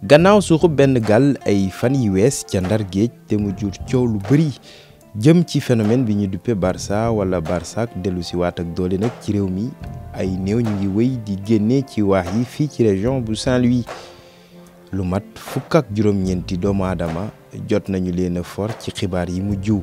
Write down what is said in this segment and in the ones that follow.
gannaaw suuxu benn gaal ay fan yi wees ca ndar géej te mu jur coow lu bëri jëm ci phénomène bi ñu duppe Barça wala Barsak dellu si waat ak doole nag ci réew mi ay néew ñu ngi wéy di génne ci waax yi fii ci région bu Saint-Louis lu mat fukk ak juróom-ñeenti doomu aadama jot nañu leen a for ci xibaar yi mu jiw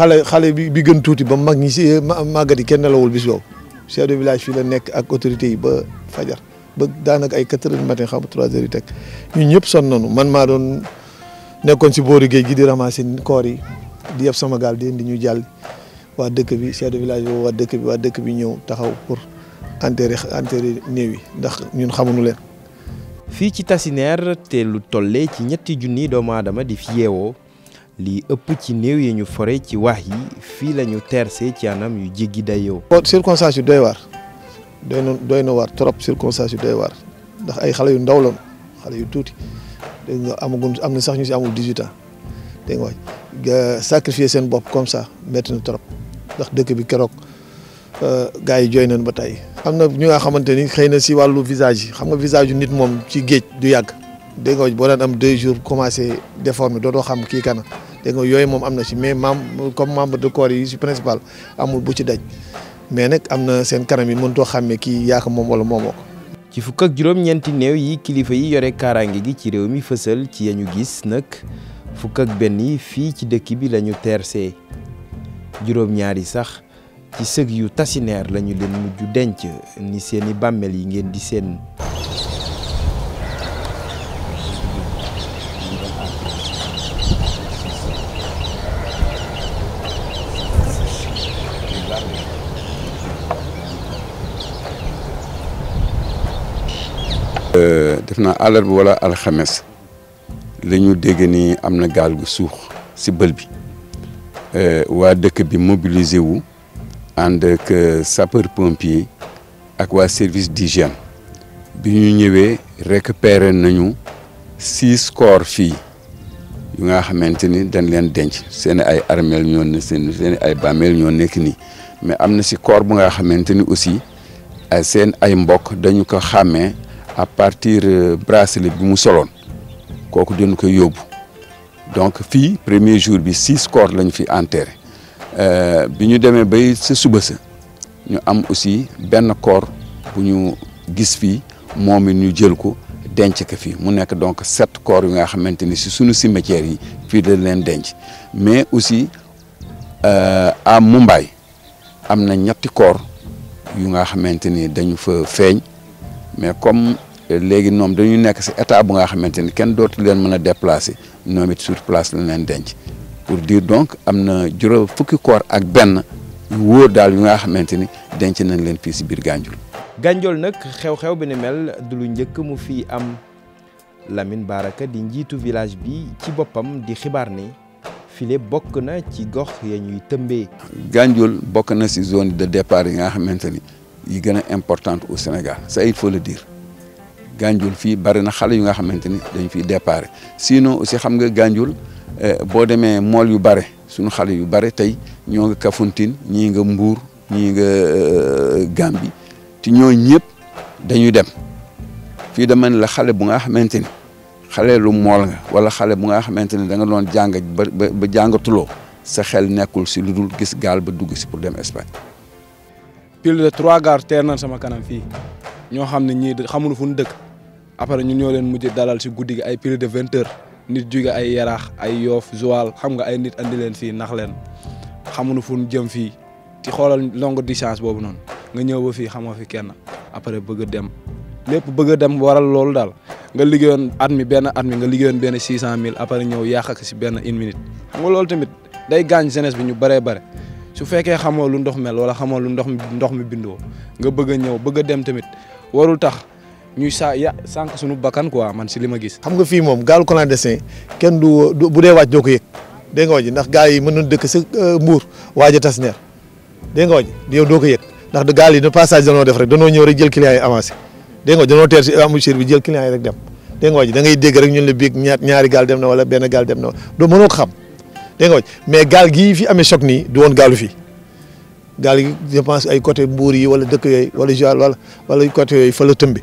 xalé xalé bi bi gën touti ba mag ñi ci eh, màggat kenn la wul bis boobu chef de village fi la nek ak autorité yi ba fajar ba daanaka ay 4h du matin xam 3h yi ñun ñëpp son nañu man ma doon nekkon ci boru geej gi di ramasser koor yi di yef sama gal di indi ñu jall wa dëkk bi chef de village boobu wa dëkk bi wa dëkk bi ñëw taxaw pour enterrer enterrer néew ndax ñun xamunu leen. fi ci tassiner te lu tollé ci ñetti junni ma adama di fi yeewoo lii ëpp ci néew yi ñu fore ci wax yi fii la ñu teerse ci anam yu day yow dayoo. circonstance yu doy waar doy na doy na waar trop circonstance yu doy waar ndax ay xale yu ndaw lañu xale yu tuuti dégg nga amaguñ am na sax ñu si amul 18 ans dégg sacrifier seen bopp comme ça métti na trop ndax dëkk bi keroog euh, gars yi joy nañ ba tey. am na ñu nga xamante ni xëy na si wàllu visage yi xam nga visage yu nit moom ci géej du yàgg dégg boo daan am deux jours commencé déformé dootoo xam kii kanam dégg nga e mom amna am si mais mem comme membre de corps yi si principal amul bu ci daj mais nak amna sen seen kanam yi mënutoo xàmmee ki yaa ko mom wala moomoo ci fuk ak juroom ñenti yi kilifa yi yore karangi gi ci rew mi fësal ci yañu gis nak fuk ak ben yi terse. ci dekk bi lañu tercé juroom ñaar yi sax ci seug yu tassiner lañu leen muju denc ni seeni bammel yi ngeen di seen def naa àllarba wala alxames la ñu dégg ni am na gaal gu suux si bël bi euh, waa dëkk bi mobilisé wu ànd saper euh, sapeur pompier ak waa service di d'hygiène bi ñu ñëwee récupéré nañu six corps fii yu nga xamante ni dañ leen denc seen ay armeel ñoo ne ay bàmmeel ñoo nekk nii mais am na si corps bu nga xamante ni aussi seen ay mbokk dañu ko xàmmee à partir euh, bracelet bi mu soloon kooku dina ko yobbu donc fi premier jour bi 6 corps lañ fi enterré euh biñu démé bay ce suba ce ñu am aussi ben corps bu ñu gis fi moom ñu jël ko denc ka fi mu nek donc 7 corps yu nga xamanteni ci suñu cimetière yi fi dañ leen denc mais aussi euh à Mumbai am na ñetti corps yu nga xamanteni dañu fa feeñ mais comme léegi ñoom dañu nekk ci état bu nga xamanteni ni kenn dootu leen mëna déplacer ñoom it sur place lañ leen denc pour dire donc amna na fukki koor ak ben yu wóor daal yu nga xamanteni denc nañ leen fi ci bir ganjul ganjol nak xew-xew bi ni mel du lu njëkk mu fi am Lamine Baraka di njitu village bi ci bopam di xibar ni filé bokk na ci gox ya ñuy tëmbee. Gandiol bokk na ci zone de départ yi nga xamanteni yi gëna importante au Sénégal ça il faut le dire. Ganjul fi bari na xale yu nga xamanteni ni dañ fi déparé sino aussi xam nga Ganjul eh, bo démé mol yu bari suñu xale yu bari tay ñoo nga kafuntine ñi nga Mbour ñi nga eh, gambi ti ñoo ñëpp dañuy dem fi dama ne la xale bu nga xamanteni ni xale lu mol nga wala xale bu nga xamanteni da nga don jang ba ba sa xel nekul ci lu gis gal ba dugg ci pour dem Espagne. pile de trois gaar teer sama kanam fi ño xamni ñi xamul dëkk après ñun ñoo leen mujjé dalal ci guddi ay plus de 20 heures nit jóge ay yarax ay yof Joal xam nga ay nit andi leen fi nax leen xamunu fu ñu jëm fi ci xolal longue distance bobu non nga ñëw ba fi xamoo fi kenn après bëgg dem lépp bëgg dem waral lool dal nga liggéeyoon at mi benn at mi nga liggéeyoon benn six mille après ñëw yàq ak si benn une minute xam nga loolu tamit day gaañ jeunesse bi ñu bare bare su fekkee xamoo lu ndox mel wala xamoo lu ndox mi ndox mi bindoo nga bëgg a ñëw bëgg dem tamit warul tax ñuy saa ya sànq suñu bakkan quoi man si li ma gis. xam nga fii moom gaalu clandestin kenn du bu dee wàcc doo ko yëg dégg nga yi mën nañu dëkk sa euh, mbuur waaj a tas neer dégg nga wàññi yow doo ko yëg ndax gaal yi de passage danoo def rek danoo ñëw rek jël avancé dégg nga danoo teer si embouchure bi rek dem dégg nga wàññi da ngay dégg rek ñun la ñaar gaal dem na wala benn gaal dem na doo mënoo ko xam mais gaal gii fi amee choc nii du woon gaalu fii gaal yi je pense ay côté mbuur yi wala dëkk yooyu wala Joal wala wala côté yooyu fa la bi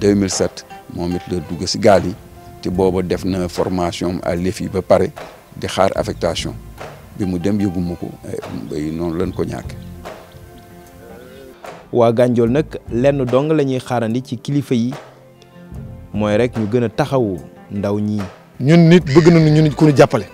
2007 moom it la dugg si gaal yi te booba def na formation à l'EFI ba pare di xaar affectation bi mu dem yëguma ko eh, noonu lañ ko ñàkk waa Gandiol nag lenn dong lañuy ñuy xaarandi ci kilifa yi mooy rek ñu gën a taxawu ndaw ñi ñun nit bëgg nañu ñun ku ñu jàppale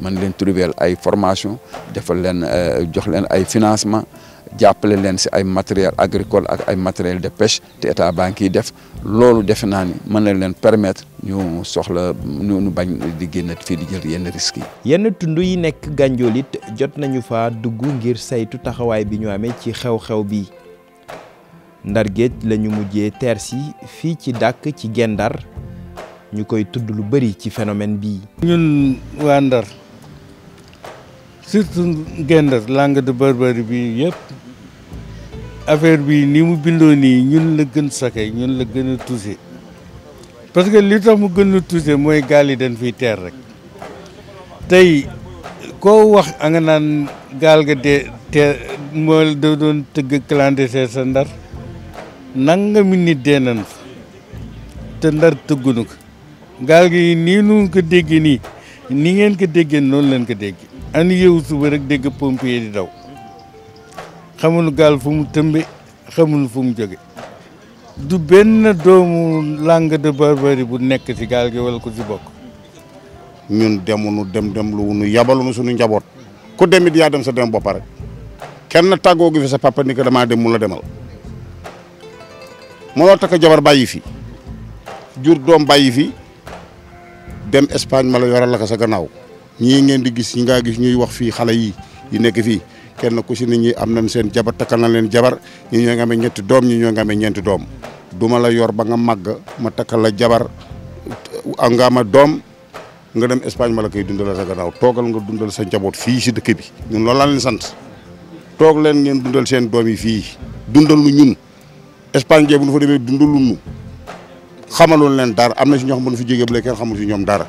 man leen trouver ay formation defal len euh, jox len ay financement jàppale len si ay matériel agricole ak ay matériel de pêche te état banki def loolu def naa ni mën na permettre ñu soxla ñu bañ di génn fi di jël yenn risque yenn tundu yi nek Gandiol jot nañu fa duggu ngir saytu taxaway bi ñu amé ci xew-xew bi ndar géej lañu mujjé terre ci fi ci dak ci Gendar ñukoy tudd lu bari ci phénomène bi ñun waa surtout ngeen Ndar langue de Barbarie bi yëpp affaire bi ni mu bindoo ni ñun la gën sake ñun la gën a touché parce que li tax mu gën a touché mooy gaal yi dañ fiy teer rek tey koo wax a nga naan gaal ga dee teer moo da doon clandestin sa Ndar nit te Ndar tëggunu ko gaal gi nii nu ko déggee nii ni ngeen ko déggee noonu leen ko dégg an yeewu suba rek dégg pompier di daw xamul gaal fu mu tëmbe xamul fu mu jóge du benn doomu làng de barbarie bu nekk ci gaal gi wala ko ci bokk ñun demunu dem dem lu nu yabalunu sunu njaboot ku dem yaa dem sa dem bopp rek kenn tàggoo gi fi sa papa ni damaa dem mu la demal mënoo takk jabar bàyyi fi jur doom bàyyi fi dem Espagne ma la yoral la ko sa gannaaw ñi ngeen di gis nga gis ñuy wax fi xalé yi yi nekk fi kenn ku ci nit ñi am nañ seen jabar takal na leen jabar ñi ñoo nga me ñett doom ñi ñoo nga me ñent doom duma la yor ba nga mag ma takal la jabar nga ma doom nga dem Espagne mala kay dundal sa gannaaw togal nga dundal sa jabot fi ci dëkk bi ñun loolu la leen sant tok leen ngeen dundal seen doom yi fii dundal lu ñun Espagne jee nu fa demee dundal lu ñu leen dara amna ci ñoo xam bu fi jógee bu leen kenn xamul ci ñoom dara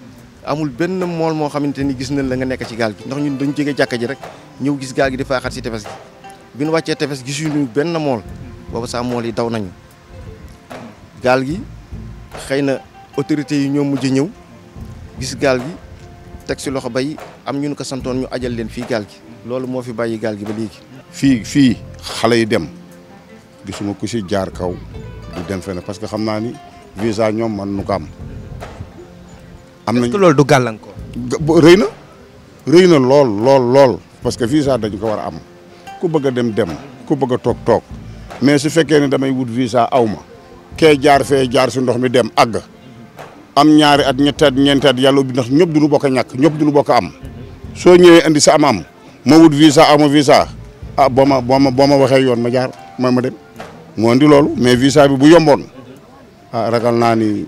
amul benn mol mo xamanteni gis na la nga nek ci gal gi ndax ñun dañu jégué jakk ji rek ñew gis gal gi di xat ci tefes gi bi ñu wàccee tefes gisuñu benn mol bobu sa mol yi daw nañu gal gi xeyna autorité yi ñoo mujj ñew gis gal gi tek ci loxo bay am ñun ko santone ñu ajal leen fi gal gi lolu mo fi bayyi gal gi ba legi fi fi xalé yi dem gisuma ku ci jaar kaw du dem fenn parce que xamna ni visa ñom man nu ko am am nañ est lool que loolu du gàllankoor. rëy na rëy na lool lool lool parce que visa dañ ko war a am ku bëgg a dem dem ku bëgg a toog toog mais su fekkee ne damay wut visa awma ma jaar fee jaar si ndox mi dem àgg am ñaari at ñetti at ñeenti at yàlla bi ndax ñëpp du ñu bokk a ñàkk ñëpp du ñu bokk am soo ñëwee indi sa am am ma wut visa aw ma visa ah boo ma boo ma boo ma waxee yoon ma jaar ma ma dem moo indi loolu mais visa bi bu yomboon ah ragal naa ni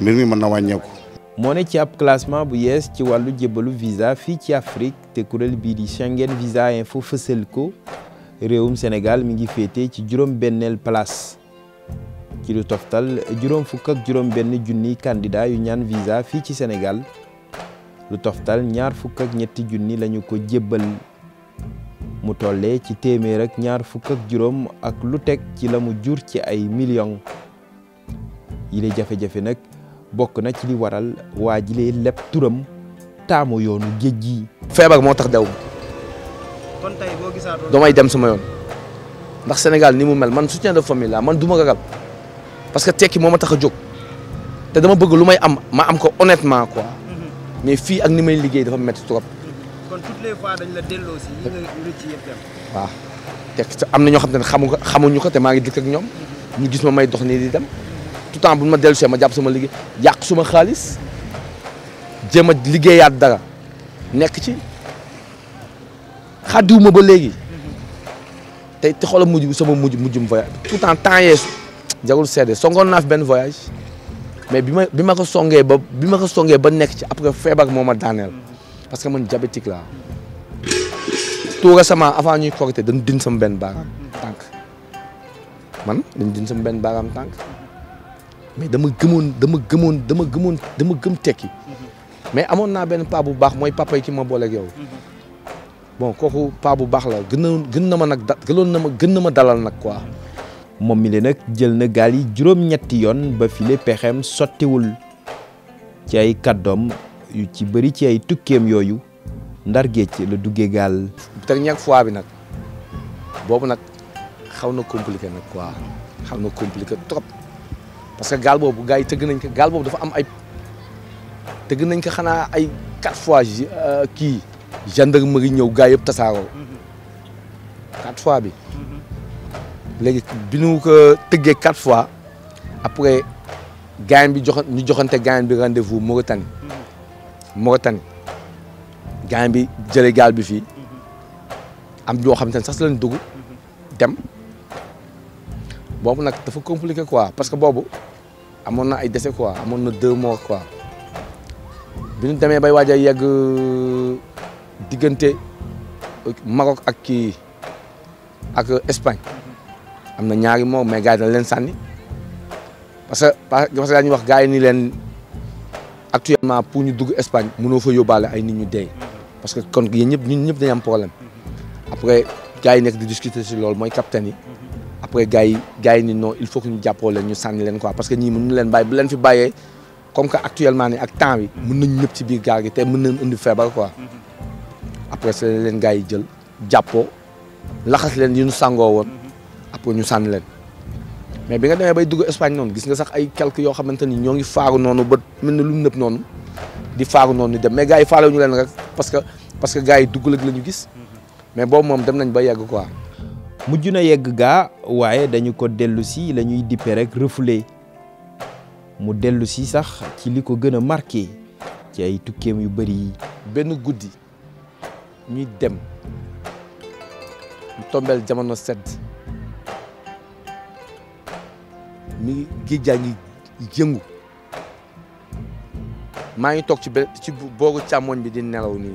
mbir mi mën na wàññeeku. moné ci ab classement bu yes ci walu visa fi ci Afrique te kurel bi di Schengen Visa Info fësal ko Senegal Sénégal mi ngi fété ci juróom bennel place ci lu toftal juróom fuk ak juróom benn djuni candidat yu ñaan visa fi ci Sénégal lu toftal ñaar fuk ak ñetti djuni lañu ko jébbal mu tollé ci téeméer ak ñaar fuk ak juróom ak lu tek ci la djur ci ay millions lay jafe-jafe nak bokk na ci li waral waa jilee lépp turam taamu yoonu géej gi. feebar moo tax dew kon damay dem sama yoon ndax Sénégal ni mu mel man soutien de famille la man du ma ragal parce que tekki moo ma tax a jóg te dama bëgg lu may am ma am ko honnêtement quoi mhm. mais fii ak ni may liggéey dafa métti trop. Mhm. kon toutes waaw te am na ñoo xam ne xamu xamuñu ko te maa ngi dëkk ak ñoom mhm. ñu gis ma may dox nii di dem. tout temps bu ma dellu see ma jàpp sama liggéey yak suma khalis jema a liggéeyaat dara nek ci xaddiwuma ba legui tay ti xolam muju sama muju mujjum voyage tout temps yeesu jarul seede songoon naa fi benn voyage mais bima bima ko songé ba bima ko songé ba nek ci après feebar moo ma parce que man diabétique laa tout sama avant ñuy korité dañ din sama ben baaraam tank man dañ din sama ben baram tank mais dama gëmoon dama gëmoon dama gëmoon dama gëm tekki mais amoon naa benn paa bu baax mooy papa yi ki ma booleeg yow bon kooku paa bu baax la gën na gën na ma nag da gënoon na ma gën na ma dalal nag quoi. moom mi le nag jël na gaal yi juróom-ñetti yoon ba file pexeem sottiwul ci ay kàddoom yu ci bëri ci ay tukkeem yooyu ndar géej la duggee gaal. te ñeeg fois bi nag boobu nag xaw na compliqué nag quoi xaw na compliqué trop. parce que gaal boobu gars yi tëgg nañ ko gaal boobu dafa am ay tëgg nañ ko xanaa ay quatre fois euh, kii gendarmerie ñëw gars yëpp tasaaroo quatre fois bi léegi bi ñu tëggee quatre fois après gaañ bi jox ñu joxante gaañ bi rendez-vous Mauritanie Mauritanie gaañ bi jëlee gaal bi fii am ñoo xam ne sax si lañ dugg dem boobu nag dafa compliqué quoi parce que boobu amon na ay décès amon no na deux morts quoi bi ñu bay wadja a yegg diggante Maroc ak ki ak Espagne amna ñaari mo mais gaay dañ leen sanni parce que parce que dañuy wax gaay ni leen actuellement pour ñu dugg Espagne mëno fa yobale ay nit ñu dé parce que kon ñepp ñun ñepp dañ am problème après gaay nek di discuter ci lool moy capitaine après gars yi gars yi ni non il faut que ñu jàppoo leen ñu sànni leen quoi parce que ñii mënuñu leen bàyyi bu leen fi bàyyee comme que actuellement ni ak temps bi mën nañ ñëpp ci biir gaal gi te mën nañ indi feebar quoi après si leen gars yi jël jàppoo laxas leen yi nu sangoo woon après ñu sànni leen mais bi nga demee bay dugg Espagne noonu gis nga sax ay quelques yoo xamante ni ñoo ngi faaru noonu ba mel na lu mu nëb noonu di faaru noonu dem mais gars yi faale ñu leen rek parce que parce que gars yi dugg la ñu gis mais boobu moom dem nañ ba yegg quoi mujj yegg ga waye dañu ko delu ci la dipé rek refoulé mu delu ci sax ci liko gëna marqué ci ay tukkem yu bari ben goudi ñuy dem tombel jamono sedd mi gi jaa ngi ngi tok ci ci bogo càmmoñ bi di nelaw ni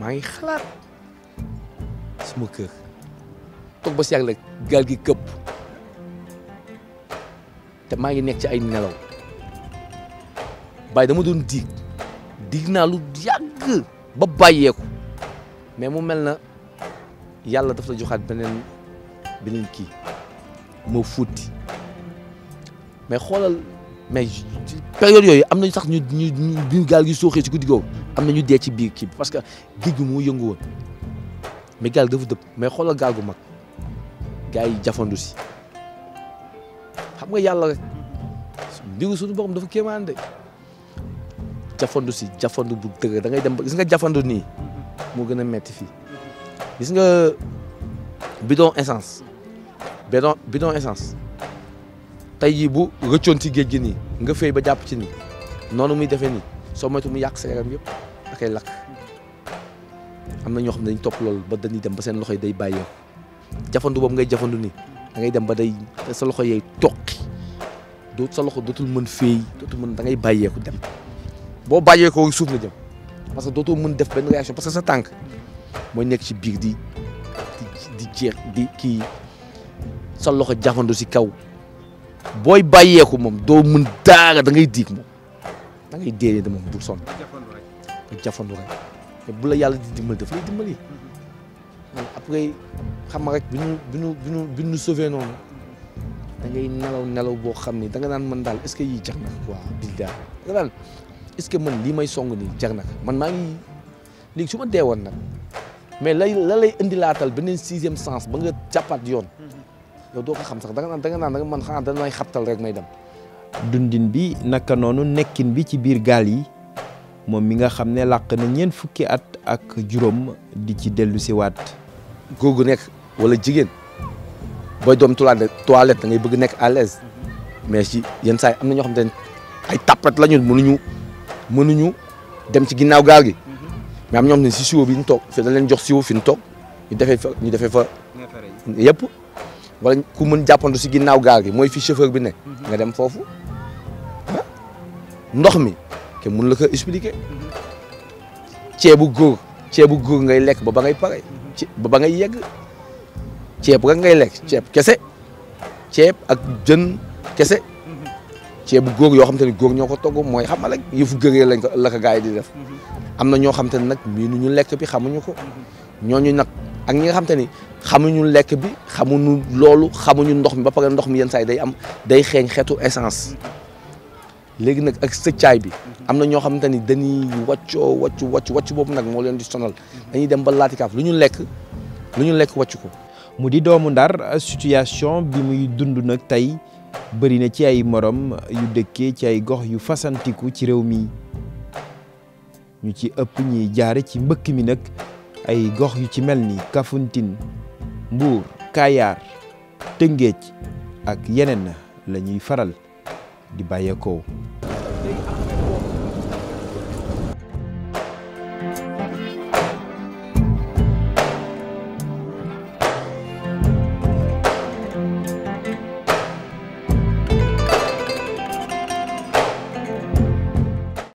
ma ngi xalat sumu keur toog ba si yàgg gaal gi këpp te maa ngi nekk ci ay nelaw bàyyi dama doon diig diig naa lu yàgg ba bàyyeeku mais mu mel na yàlla daf la joxaat beneen beneen kii moo fuuti mais xoolal mais période yooyu am nañu sax ñu ñu ñu gaal gi sooxee ci guddi googu am na ñu dee ci biir kii parce que géej mu moo yëngu woon mais gaal dafa dëpp mais xoolal gaal gu mag. gars yi jafandu si xam nga yàlla rek mbiru suñu borom dafa kéemaan de jafandu si jafandu bu dëgg da ngay dem ba gis nga jafandu nii moo gën a metti fii gis nga bidon essence bidon bidon essence tey jii bu rëccoon ci géej gi nii nga fay ba jàpp ci nii noonu muy defee nii soo moytu mu yàq sa yaram yëpp akay lakk am na ñoo xam ne dañ topp loolu ba dañuy dem ba seen loxo yi day bàyyi jafandu bam ngay jafandu ni da ngay dem ba day sa loxo yey tok do sa loxo dootul mën feey dootul mën da ngay ko dem baye ko suuf na dem parce que dootoo mën def ben réaction parce que sa tank mooy nek ci bir di di jeex di ki sa loxo jafandu si kaw booy ko mom do mën daara da ngay dik mom da ngay dédé de bu son jafandu rek jafandu rek bu la yalla di dimbal def lay dimbali après xam rek bi ñu bi ñu bi ñu bi ñu sauvé noonu da ngay nelaw nelaw boo xam ni da nga naan man daal est ce que yii quoi bilda da nga est ce man lii may song nii jax man maa ngi léegi su ma deewoon nag mais lay la lay indilaatal beneen sixième sens ba nga jàppaat yoon yow doo ko xam sax da nga naan da nga naan man xanaa danay xabtal rek may dem dundin bi naka noonu nekkin bi ci biir gaal yi moom mi nga xam ne na ñeent fukki at ak juróom di ci dellu siwaat góor gu nekk walla jigéen booy doom toilette da ngay bëgg nekk à mais ci yenn saa am na ñoo xam ne ay tappat la ñu mënuñu mënuñu dem ci ginnaaw gaal gi mais am ñoo xam ne si siwo bi ñu toog fi dañ leen jox siwo fi ñu toog ñu defee fa ñu defee fa yëpp wala ku mën jàppandu si ginnaaw gaal gi mooy fi chauffeur bi ne nga dem foofu ndox mi kenn mën la ko expliquer ceebu góor ceebu góor ngay lekk ba ba ngay pare ci ba ngay yegg ceeb rek ngay lekk ceeb kese ceeb ak jën kese ceebu góor yoo xam te ne góor ñoo ko togg mooy xam nga rek yëfu gëree lañ ko la ko gars yi di def am na ñoo xam te ne nag miinu ñu lekk bi xamuñu ko ñu nag ak ñi nga xam te ni xamuñu lekk bi xamuñu loolu xamuñu ndox mi ba pare ndox mi yenn saa day am day xeeñ xeetu essence léegi nag ak sëccaay bi am na ñoo xamante ni dañuy waccoo waccu waccu waccu boobu nag moo leen di sonal dañuy dem ba laatikaaf lu ñu lekk lu ñu lekk waccu ko mu di doomu ndar situation bi muy dund nag tey bëri na ci ay morom yu dëkkee ci ay gox yu fasantiku ci réew mi ñu ci ëpp ñuy jaare ci mbëkk mi nag ay gox yu ci mel ni Kafountine mbuur Kayar Tëngéej ak yeneen la ñuy faral de Baiacu.